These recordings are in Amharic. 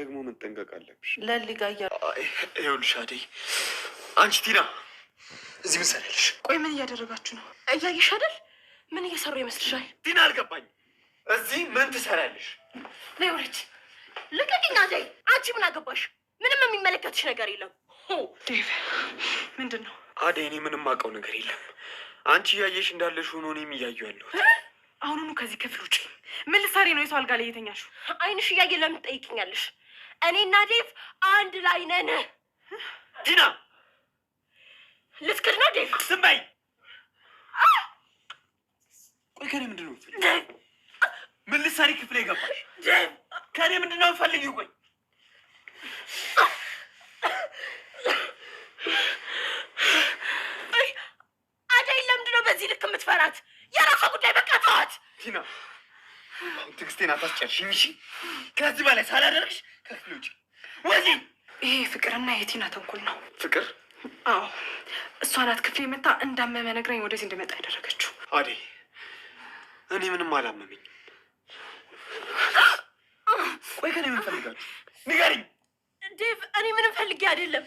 ደግሞ መጠንቀቅ አለብሽ። ለሊጋ እያ ይኸውልሽ፣ አዴ አንቺ ቲና እዚህ ምን ሰሪያለሽ? ቆይ ምን እያደረጋችሁ ነው? እያየሽ አይደል? ምን እየሰሩ ይመስልሻል? ቲና አልገባኝ። እዚህ ምን ትሰሪያለሽ? ነውረች ልቀቅኝ። አዴ አንቺ ምን አገባሽ? ምንም የሚመለከትሽ ነገር የለም። ዴቭ ምንድን ነው? አዴ እኔ ምንም አውቀው ነገር የለም። አንቺ እያየሽ እንዳለሽ ሆኖ እኔም እያዩ ያለሁት አሁኑኑ ከዚህ ክፍል ውጭ ምን ልትሰሪ ነው? የሰው አልጋ ላይ እየተኛሽ አይንሽ እያየ ለምን ትጠይቅኛለሽ? እኔና ዴቭ አንድ ላይ ነን። ዲና ልስክድ ነው። ዴቭ ዝም በይ። ቆይ ከኔ ምንድን ነው ምን ልትሰሪ ክፍል ገባሽ? ከኔ ምንድን ነው ፈልግ? ቆይ አደይ ለምንድን ነው በዚህ ልክ የምትፈራት? የራሷ ጉዳይ በቃ ተዋት። ዲና ትዕግስቴን አታስጨርሽኝ። እሺ ከዚህ በላይ ሳላደርግሽ ከፍል ውጭ ይሄ ፍቅርና የቲና ተንኮል ነው። ፍቅር? አዎ እሷ ናት ክፍል የመታ እንዳመመ ነግራኝ ወደዚህ እንደመጣ ያደረገችው። አዴ እኔ ምንም አላመመኝ። ቆይ ከኔ ምን ፈልጋችሁ ንገሪኝ። ዴቭ እኔ ምንም ፈልጌ አይደለም።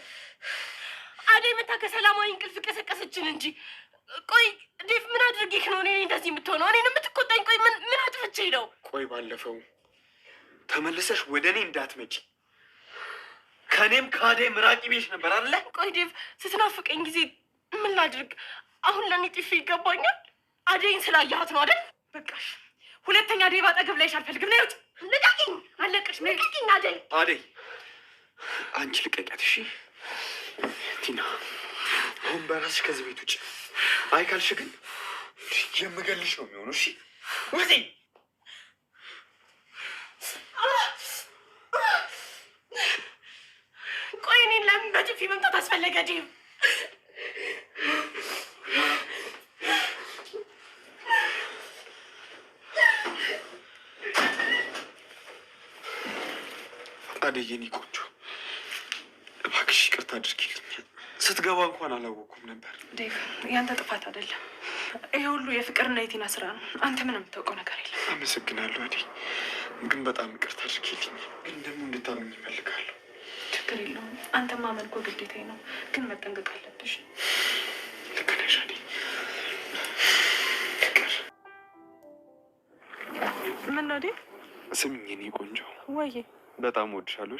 አዴ መታ ከሰላማዊ እንቅልፍ ቀሰቀሰችን እንጂ። ቆይ ዴቭ ምን አድርጌክ ነው እኔ እንደዚህ የምትሆነው? እኔን የምትቆጣኝ? ቆይ ምን ምን አጥፍቼ ነው? ቆይ ባለፈው ተመልሰሽ ወደ እኔ እንዳትመጪ። ከእኔም ከአደይ ምራቂ ቤሽ ነበር አለ። ቆይ ዴቭ፣ ስትናፍቀኝ ጊዜ ምን ላድርግ? አሁን ለእኔ ጥፊ ይገባኛል? አደይን ስላየሃት ነው አይደል? በቃሽ። ሁለተኛ ዴቭ አጠገብ ላይሽ አልፈልግም። ነውጥ ልቀቂኝ፣ አለቅሽ። ልቀቂኝ አደይ፣ አደይ፣ አንቺ ልቀቂያት። እሺ ቲና፣ አሁን በራስሽ ከዚህ ቤት ውጭ። አይ ካልሽ ግን የምገልሽ ነው የሚሆነው። እሺ ወዜ አስፈለገ ዲሁ ፈቃደ የኔ እባክሽ ይቅርታ አድርጊልኝ። ስትገባ እንኳን አላወኩም ነበር። ዴቭ ያንተ ጥፋት አይደለም። ይህ ሁሉ የፍቅርና የቲና ስራ ነው። አንተ ምን የምታውቀው ነገር የለም። አመሰግናለሁ። እኔ ግን በጣም ይቅርታ አድርጊልኝ። ግን ደግሞ እንድታምኝ ይፈልጋለሁ ችግር የለውም። አንተ ማመን እኮ ግዴታዬ ነው፣ ግን መጠንቀቅ አለብሽ። ልክ ነሽ ዴ ስምኝ፣ የእኔ ቆንጆ ወይ በጣም እወድሻለሁ።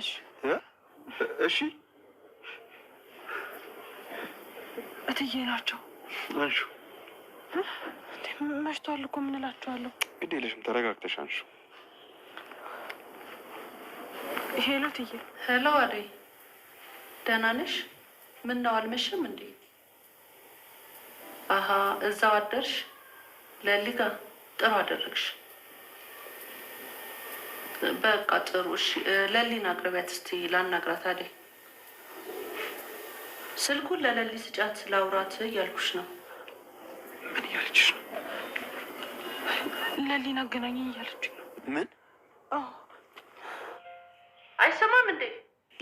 እሺ እሺ እትዬ ናቸው አንሹ። መሽቷል እኮ ምን እላቸዋለሁ? ግድ የለሽም፣ ተረጋግተሽ አንሹ ሄሎ ትዬ። ሄሎ አደይ፣ ደህና ነሽ? ምን ነው አልመሸም እንዴ? አሀ እዛው አደርሽ። ለሊጋ ጥሩ አደረግሽ። በቃ ጥሩ እሺ። ለሊን አቅርቢያት እስቲ ላናግራት። አደይ ስልኩን ለለሊ ስጫት፣ ላውራት እያልኩሽ ነው። ምን እያለችሽ ነው? ለሊን አገናኘኝ እያለች ነው። ምን አይሰማም እንዴ?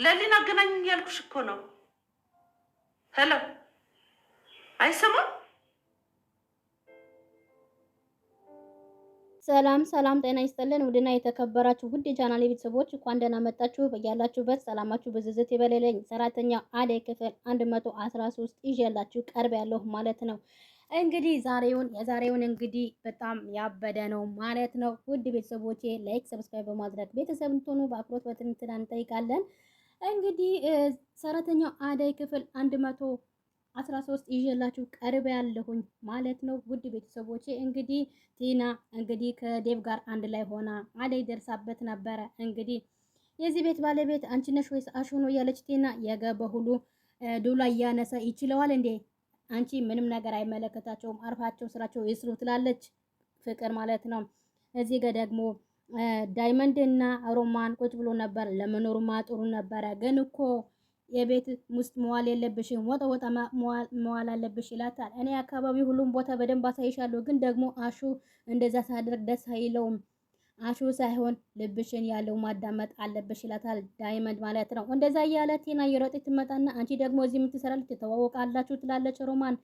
ለሊን አገናኝ ያልኩሽ እኮ ነው። ሄሎ፣ አይሰማም። ሰላም ሰላም፣ ጤና ይስጥልን። ውድና የተከበራችሁ ውድ የቻናሌ ቤተሰቦች እንኳን ደህና መጣችሁ። በያላችሁበት ሰላማችሁ በዝዝት ይበለለኝ። ሰራተኛው አደይ ክፍል 113 ይዤላችሁ ቀርብ ያለሁ ማለት ነው። እንግዲህ ዛሬውን የዛሬውን እንግዲህ በጣም ያበደ ነው ማለት ነው። ውድ ቤተሰቦቼ ላይክ፣ ሰብስክራይብ በማድረግ ቤተሰብ እንትሆኑ በአክብሮት በትንትና እንጠይቃለን። እንግዲህ ሰራተኛው አደይ ክፍል አንድ መቶ አስራ ሶስት ይዤላችሁ ቀርብ ያለሁኝ ማለት ነው። ውድ ቤተሰቦቼ እንግዲህ ቲና እንግዲህ ከዴቭ ጋር አንድ ላይ ሆና አደይ ደርሳበት ነበረ። እንግዲህ የዚህ ቤት ባለቤት አንቺ ነሽ ወይስ አሹ ነው ያለች ቲና የገባ ሁሉ ዱላ እያነሳ ይችለዋል እንዴ አንቺ ምንም ነገር አይመለከታቸውም፣ አርፋቸው ስራቸው ይስሩ ትላለች ፍቅር ማለት ነው። እዚህ ጋር ደግሞ ዳይመንድ እና ሮማን ቁጭ ብሎ ነበር። ለመኖሩማ ጥሩ ነበረ፣ ግን እኮ የቤት ውስጥ መዋል የለብሽም ወጣ ወጣ መዋል አለብሽ ይላታል። እኔ አካባቢ ሁሉም ቦታ በደንብ አሳይሻለሁ፣ ግን ደግሞ አሹ እንደዛ ሳደርግ ደስ አይለውም አሹ ሳይሆን ልብሽን ያለው ማዳመጥ አለብሽ ይላታል ዳይመንድ ማለት ነው። እንደዛ እያለ ቴና እየሮጠች ትመጣና አንቺ ደግሞ እዚህ የምትሰራለች ትተዋወቃላችሁ ትላለች ሮማን።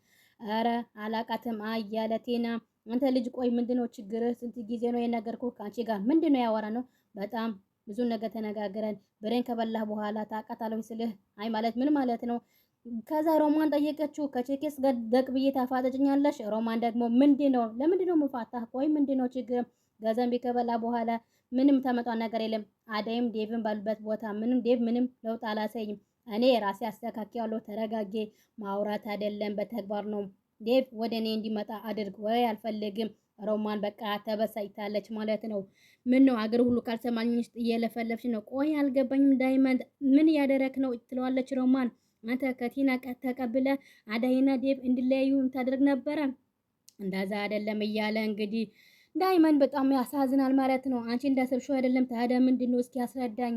ኧረ አላቃትም እያለ ቴና አንተ ልጅ ቆይ ምንድነው ችግርህ? ስንት ጊዜ ነው የነገርኩ ከአንቺ ጋር ምንድነው ያወራ ነው? በጣም ብዙ ነገር ተነጋግረን ብሬን ከበላህ በኋላ ታውቃታለች ስልህ አይ ማለት ምን ማለት ነው? ከዛ ሮማን ጠየቀችው። ከቼኬስ ጋር ደቅ ብዬ ታፋጠጭኛለሽ። ሮማን ደግሞ ምንድነው ለምንድነው ምፋታህ? ቆይ ምንድነው ችግር ገንዘብ ከበላ በኋላ ምንም ተመጣ ነገር የለም። አደይም ዴቭን ባሉበት ቦታ ምንም ዴቭ ምንም ለውጥ አላሳይም። እኔ ራሴ አስተካክያለሁ። ተረጋጌ ማውራት አይደለም በተግባር ነው። ዴቭ ወደ እኔ እንዲመጣ አድርግ ወይ አልፈልግም። ሮማን በቃ ተበሳጭታለች ማለት ነው። ምን ነው አገር ሁሉ ካልሰማኝ ውስጥ እየለፈለፍሽ ነው? ቆይ አልገባኝም። ዳይመንድ ምን ያደረክ ነው ትለዋለች ሮማን። አንተ ከቲና ተቀብለ አዳይና ዴቭ እንዲለያዩ ታደርግ ነበረ። እንዳዛ አይደለም እያለ እንግዲህ ዳይመንድ በጣም ያሳዝናል ማለት ነው። አንቺ እንዳሰብሽው አይደለም። ታዲያ ምንድን ነው እስኪ ያስረዳኝ።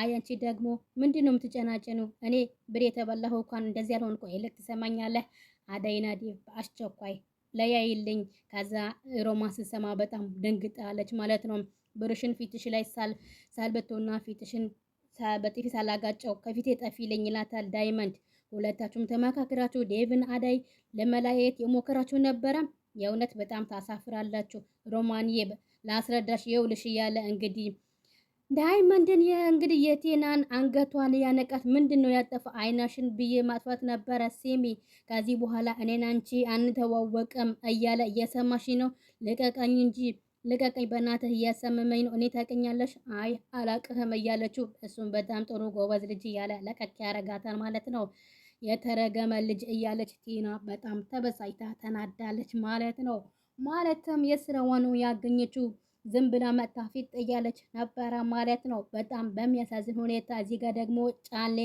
አይ አንቺ ደግሞ ምንድን ነው የምትጨናጭኑ? እኔ ብር የተበላኸው እንኳን እንደዚህ ያልሆንኩ ይልቅ ትሰማኛለህ። አደይና ዴቭ በአስቸኳይ ለያይልኝ። ከዛ ሮማ ስትሰማ በጣም ደንግጣለች ማለት ነው። ብርሽን ፊትሽ ላይ ሳልበቶና ፊትሽን በጥፊ ሳላጋጨው ከፊቴ ጠፊልኝ ይላታል ዳይመንድ። ሁለታችሁም ተመካክራችሁ ዴቭን አዳይ ለመላየት የሞከራችሁ ነበረ። የእውነት በጣም ታሳፍራላችሁ። ሮማንዬ ላስረዳሽ የውልሽ እያለ እንግዲህ ዳይመንድን እንግዲህ የቴናን አንገቷን ያነቃት ምንድን ነው ያጠፋ አይናሽን ብዬ ማጥፋት ነበረ። ሴሚ ከዚህ በኋላ እኔን አንቺ አንተዋወቅም እያለ እየሰማሽ ነው። ልቀቀኝ እንጂ ልቀቀኝ፣ በእናትህ እያሰመመኝ ነው። እኔ ታውቅኛለሽ፣ አይ አላቅህም እያለችው እሱም በጣም ጥሩ ጎበዝ ልጅ እያለ ለቀቅ ያረጋታል ማለት ነው። የተረገመ ልጅ እያለች ቲና በጣም ተበሳጭታ ተናዳለች ማለት ነው። ማለትም የስራዋን ያገኘችው ዝም ብላ መታ ፊት እያለች ነበረ ማለት ነው። በጣም በሚያሳዝን ሁኔታ እዚህ ጋር ደግሞ ጫሌ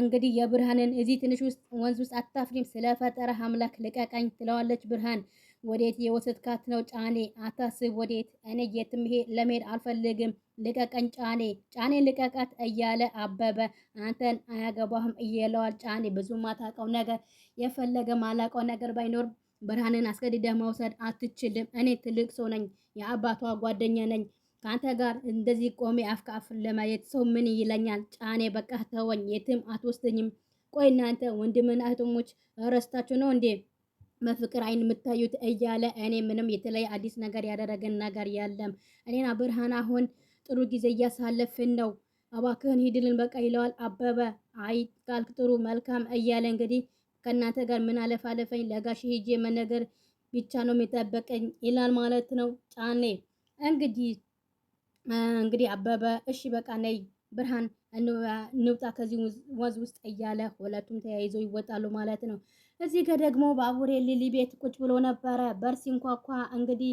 እንግዲህ የብርሃንን እዚህ ትንሽ ውስጥ ወንዝ ውስጥ አታፍሪም፣ ስለፈጠረ አምላክ ልቀቀኝ ትለዋለች። ብርሃን ወዴት የወሰድካት ነው? ጫኔ አታስብ፣ ወዴት እኔ የትም ይሄ ለመሄድ አልፈልግም ልቀቀኝ ጫኔ ጫኔ ልቀቀት እያለ አበበ አንተን አያገባህም እየለዋል። ጫኔ ብዙ ማታውቀው ነገር የፈለገ ማላውቀው ነገር ባይኖር ብርሃንን አስገድደህ መውሰድ አትችልም። እኔ ትልቅ ሰው ነኝ፣ የአባቷ ጓደኛ ነኝ። ከአንተ ጋር እንደዚህ ቆሜ አፍካፍ ለማየት ሰው ምን ይለኛል? ጫኔ በቃ ተወኝ፣ የትም አትወስደኝም። ቆይ እናንተ ወንድምና እህትሞች ረስታችሁ ነው እንዴ መፍቅር አይን የምታዩት እያለ እኔ ምንም የተለየ አዲስ ነገር ያደረገን ነገር የለም። እኔና ብርሃን አሁን ጥሩ ጊዜ እያሳለፍን ነው፣ እባክህን ሂድልን በቃ ይለዋል አበበ። አይ ካልክ ጥሩ መልካም እያለ እንግዲህ ከእናንተ ጋር ምን አለፋለፈኝ ለጋሽ ሂጄ መነገር ብቻ ነው የሚጠበቀኝ ይላል ማለት ነው። ጫኔ እንግዲህ እንግዲህ አበበ እሺ በቃ ነይ ብርሃን እንውጣ ከዚህ ወንዝ ውስጥ እያለ ሁለቱም ተያይዘው ይወጣሉ ማለት ነው። እዚህ ጋር ደግሞ ባቡሬ ሊሊ ቤት ቁጭ ብሎ ነበረ። በርሲ እንኳኳ እንግዲህ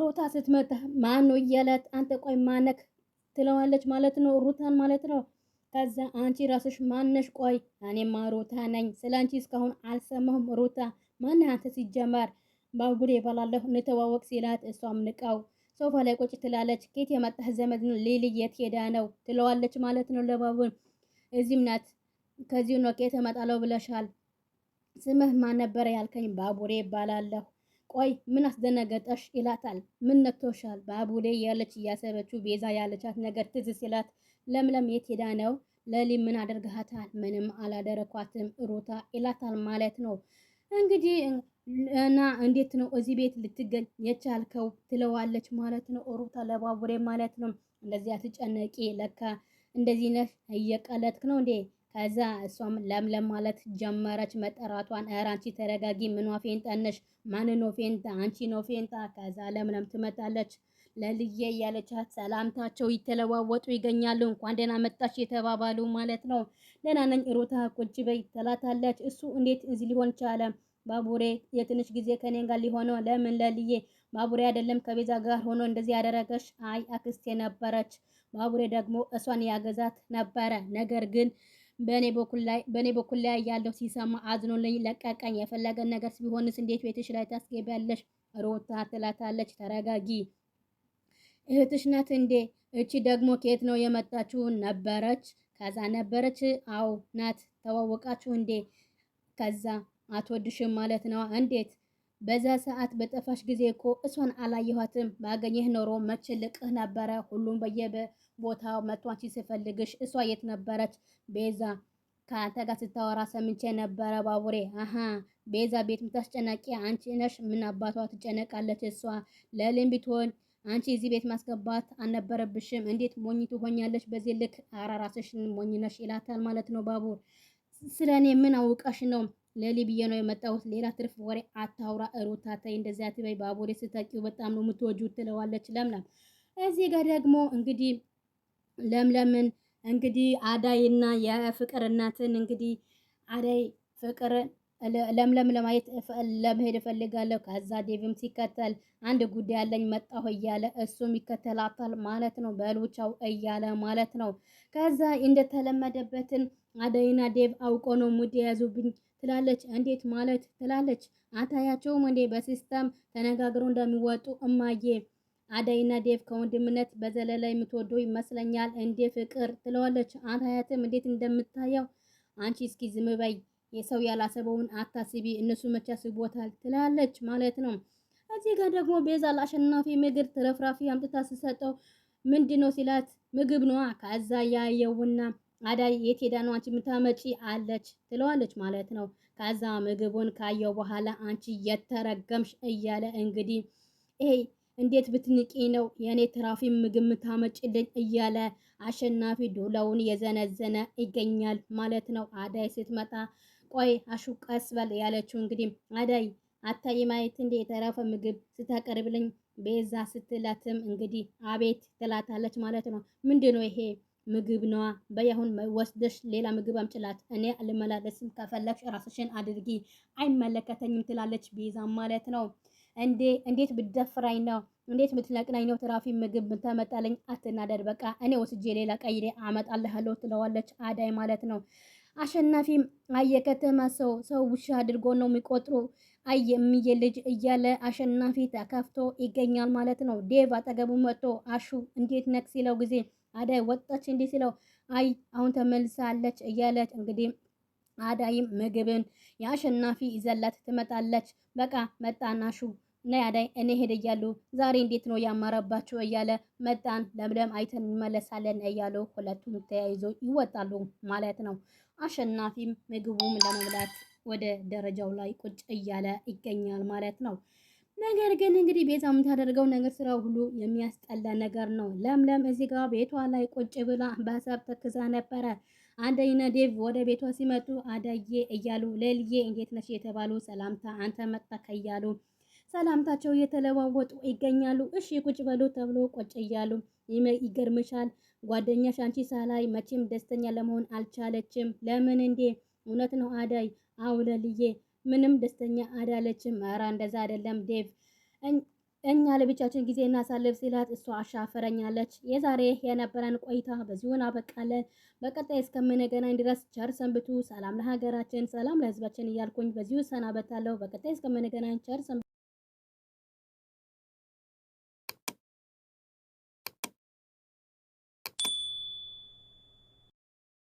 ሩታ ስትመጣ ማን ነው እያላት አንተ ቆይ ማነክ ትለዋለች ማለት ነው፣ ሩታን ማለት ነው። ከዛ አንቺ ራስሽ ማነሽ? ቆይ እኔማ ሩታ ነኝ፣ ስለ አንቺ እስካሁን አልሰማሁም። ሩታ ማን አንተ? ሲጀመር ባጉድ የበላለሁ እንተዋወቅ ሲላት እሷም ንቃው ሶፋ ላይ ቁጭ ትላለች። ኬት የመጣህ ዘመድ ነው ሌሊ የት ሄዳ ነው ትለዋለች ማለት ነው ለባቡን። እዚህም ናት ከዚሁ ነው ኬት እመጣለሁ ብለሻል። ስምህ ማን ነበረ ያልከኝ? ባቡሬ ይባላለሁ ቆይ ምን አስደነገጠሽ ይላታል። ምን ነክቶሻል ባቡሌ ያለች እያሰበችው ቤዛ ያለቻት ነገር ትዝ ሲላት ለምለም የት ሄዳ ነው ለሊ ምን አደርግሃታል? ምንም አላደረኳትም ሩታ ይላታል ማለት ነው። እንግዲህ እና እንዴት ነው እዚህ ቤት ልትገኝ የቻልከው ትለዋለች ማለት ነው። ሩታ ለባቡሬ ማለት ነው። እንደዚያ ትጨነቂ ለካ እንደዚህ ነህ እየቀለጥክ ነው እንዴ ከዛ እሷም ለምለም ማለት ጀመረች መጠራቷን። ኧረ አንቺ ተረጋጊ፣ ምኗ ፌንጠነሽ? ማን ነው ፌንጣ? አንቺ ነው ፌንጣ። ከዛ ለምለም ትመጣለች ለልዬ እያለቻት ሰላምታቸው ይተለዋወጡ ይገኛሉ። እንኳን ደህና መጣች የተባባሉ ማለት ነው። ደህና ነኝ ሩታ ቁጭ በይ ትላታለች። እሱ እንዴት እዚህ ሊሆን ቻለ? ባቡሬ የትንሽ ጊዜ ከኔ ጋር ሊሆነ ለምን? ለልዬ ባቡሬ አይደለም ከቤዛ ጋር ሆኖ እንደዚህ ያደረገሽ? አይ አክስቴ ነበረች። ባቡሬ ደግሞ እሷን ያገዛት ነበረ ነገር ግን በእኔ በኩል ላይ ያለው ሲሰማ አዝኖልኝ ለቀቀኝ። የፈለገ ነገር ቢሆንስ እንዴት ቤትሽ ላይ ታስገቢያለሽ? ሮታ ትላታለች። ተረጋጊ፣ እህትሽ ናት እንዴ? እቺ ደግሞ ከየት ነው የመጣችሁ? ነበረች ከዛ ነበረች። አዎ ናት። ተዋወቃችሁ እንዴ? ከዛ አትወድሽም ማለት ነው? እንዴት በዛ ሰዓት በጠፋሽ ጊዜ እኮ እሷን አላየኋትም። ባገኘህ ኖሮ መቼ ልቅህ ነበረ። ሁሉም በየበ ቦታ መጥቶ አንቺን እሷ የት ነበረች? ቤዛ ከአንተ ጋር ስታወራ ሰምቼ ነበረ። ባቡሬ አሀ ቤዛ ቤት የምታስጨናቂ አንቺ ነሽ። ምን አባቷ ትጨነቃለች እሷ ለልም ቢትሆን አንቺ እዚህ ቤት ማስገባት አልነበረብሽም። እንዴት ሞኝ ትሆኛለሽ? በዚህ ልክ ኧረ ራስሽን ሞኝ ነሽ ይላታል ማለት ነው። ባቡር ስለ እኔ ምን አውቀሽ ነው? ለሊ ብዬ ነው የመጣሁት። ሌላ ትርፍ ወሬ አታውራ እሩታ፣ ተይ እንደዚያ አትበይ። ባቡሬ ስታቂው በጣም ነው የምትወጂው ትለዋለች ለምለም። እዚህ ጋር ደግሞ እንግዲህ ለምለምን እንግዲህ አዳይና የፍቅር እናትን እንግዲህ አዳይ ፍቅር ለምለም ለማየት ለመሄድ እፈልጋለሁ። ከዛ ዴቭም ሲከተል አንድ ጉዳይ ያለኝ መጣሁ እያለ እሱም ይከተላታል ማለት ነው፣ በሉቻው እያለ ማለት ነው። ከዛ እንደተለመደበትን አደይና ዴቭ አውቆ ነው ሙድ የያዙብኝ ትላለች። እንዴት ማለት ትላለች። አታያቸውም እንዴ በሲስተም ተነጋግረው እንደሚወጡ እማዬ አደይና ዴቭ ከወንድምነት በዘለላ የምትወደው ይመስለኛል እንዴ ፍቅር ትለዋለች። አንተ አያትም እንዴት እንደምታየው አንቺ እስኪ ዝም በይ፣ የሰው ያላሰበውን አታስቢ፣ እነሱ መቼ አስቦታል ትላለች ማለት ነው። እዚህ ጋር ደግሞ ቤዛ ለአሸናፊ ምግብ ትረፍራፊ አምጥታ ስሰጠው ምንድን ነው ሲላት ምግብ ነዋ። ከዛ ያየውና አዳይ የት ሄዳ ነው አንቺ የምታመጪ አለች ትለዋለች ማለት ነው። ከዛ ምግቡን ካየው በኋላ አንቺ የተረገምሽ እያለ እንግዲህ ይሄ እንዴት ብትንቂ ነው የእኔ ትራፊ ምግብ ምታመጭልኝ እያለ አሸናፊ ዱላውን የዘነዘነ ይገኛል ማለት ነው። አዳይ ስትመጣ ቆይ አሹ ቀስ በል ያለችው እንግዲህ አዳይ አታይ ማየት እንዴ የተረፈ ምግብ ስታቀርብልኝ ቤዛ ስትላትም እንግዲህ አቤት ትላታለች ማለት ነው። ምንድን ነው ይሄ ምግብ ነዋ። በያሁን ወስደሽ ሌላ ምግብ አምጭላት፣ እኔ አልመላለስም፣ ከፈለግሽ ራስሽን አድርጊ፣ አይመለከተኝም ትላለች ቤዛ ማለት ነው። እንዴ እንዴት ብትደፍረኝ ነው እንዴት ምትለቅናኝ ነው? ትራፊ ምግብ ምታመጣለኝ? አትናደድ፣ በቃ እኔ ወስጄ ሌላ ቀይሬ አመጣልሃለሁ ትለዋለች አዳይ ማለት ነው። አሸናፊም አየ ከተማ ሰው ሰው ውሻ አድርጎ ነው የሚቆጥሩ አየ የሚየ ልጅ እያለ አሸናፊ ተከፍቶ ይገኛል ማለት ነው። ዴቭ አጠገቡ መጥቶ አሹ እንዴት ነክ ሲለው ጊዜ አዳይ ወጣች እንዲህ ሲለው አይ አሁን ተመልሳለች እያለች እንግዲህ አዳይም ምግብን የአሸናፊ ይዘላት ትመጣለች። በቃ መጣናሹ ነይ አዳይ እኔ ሄደ እያሉ ዛሬ እንዴት ነው ያማረባቸው እያለ መጣን ለምለም አይተን እንመለሳለን እያሉ ሁለቱም ተያይዞ ይወጣሉ ማለት ነው። አሸናፊም ምግቡም ለመብላት ወደ ደረጃው ላይ ቁጭ እያለ ይገኛል ማለት ነው። ነገር ግን እንግዲህ ቤዛ የምታደርገው ነገር ስራ ሁሉ የሚያስጠላ ነገር ነው። ለምለም እዚህ ጋር ቤቷ ላይ ቁጭ ብላ በሀሳብ ተክዛ ነበረ። አደይና ዴቭ ወደ ቤቷ ሲመጡ አዳዬ እያሉ ሌልዬ እንዴት ነሽ የተባሉ ሰላምታ አንተ መጣ ከያሉ ሰላምታቸው እየተለዋወጡ ይገኛሉ። እሺ ቁጭ በሉ ተብሎ ቆጭ እያሉ ይገርምሻል፣ ጓደኛሽ አንቺ ሳላይ መቼም ደስተኛ ለመሆን አልቻለችም። ለምን እንዴ? እውነት ነው አዳይ አውለልዬ ምንም ደስተኛ አዳለችም። ኧረ እንደዛ አይደለም ዴቭ እኛ ለብቻችን ጊዜ እናሳልፍ ሲላት እሷ አሻፈረኛለች። የዛሬ የነበረን ቆይታ በዚሁን አበቃለን። በቀጣይ እስከምንገናኝ ድረስ ቸር ሰንብቱ። ሰላም ለሀገራችን፣ ሰላም ለሕዝባችን እያልኩኝ በዚሁ ሰናበታለሁ። በቀጣይ እስከምንገናኝ ቸር ሰንብቱ።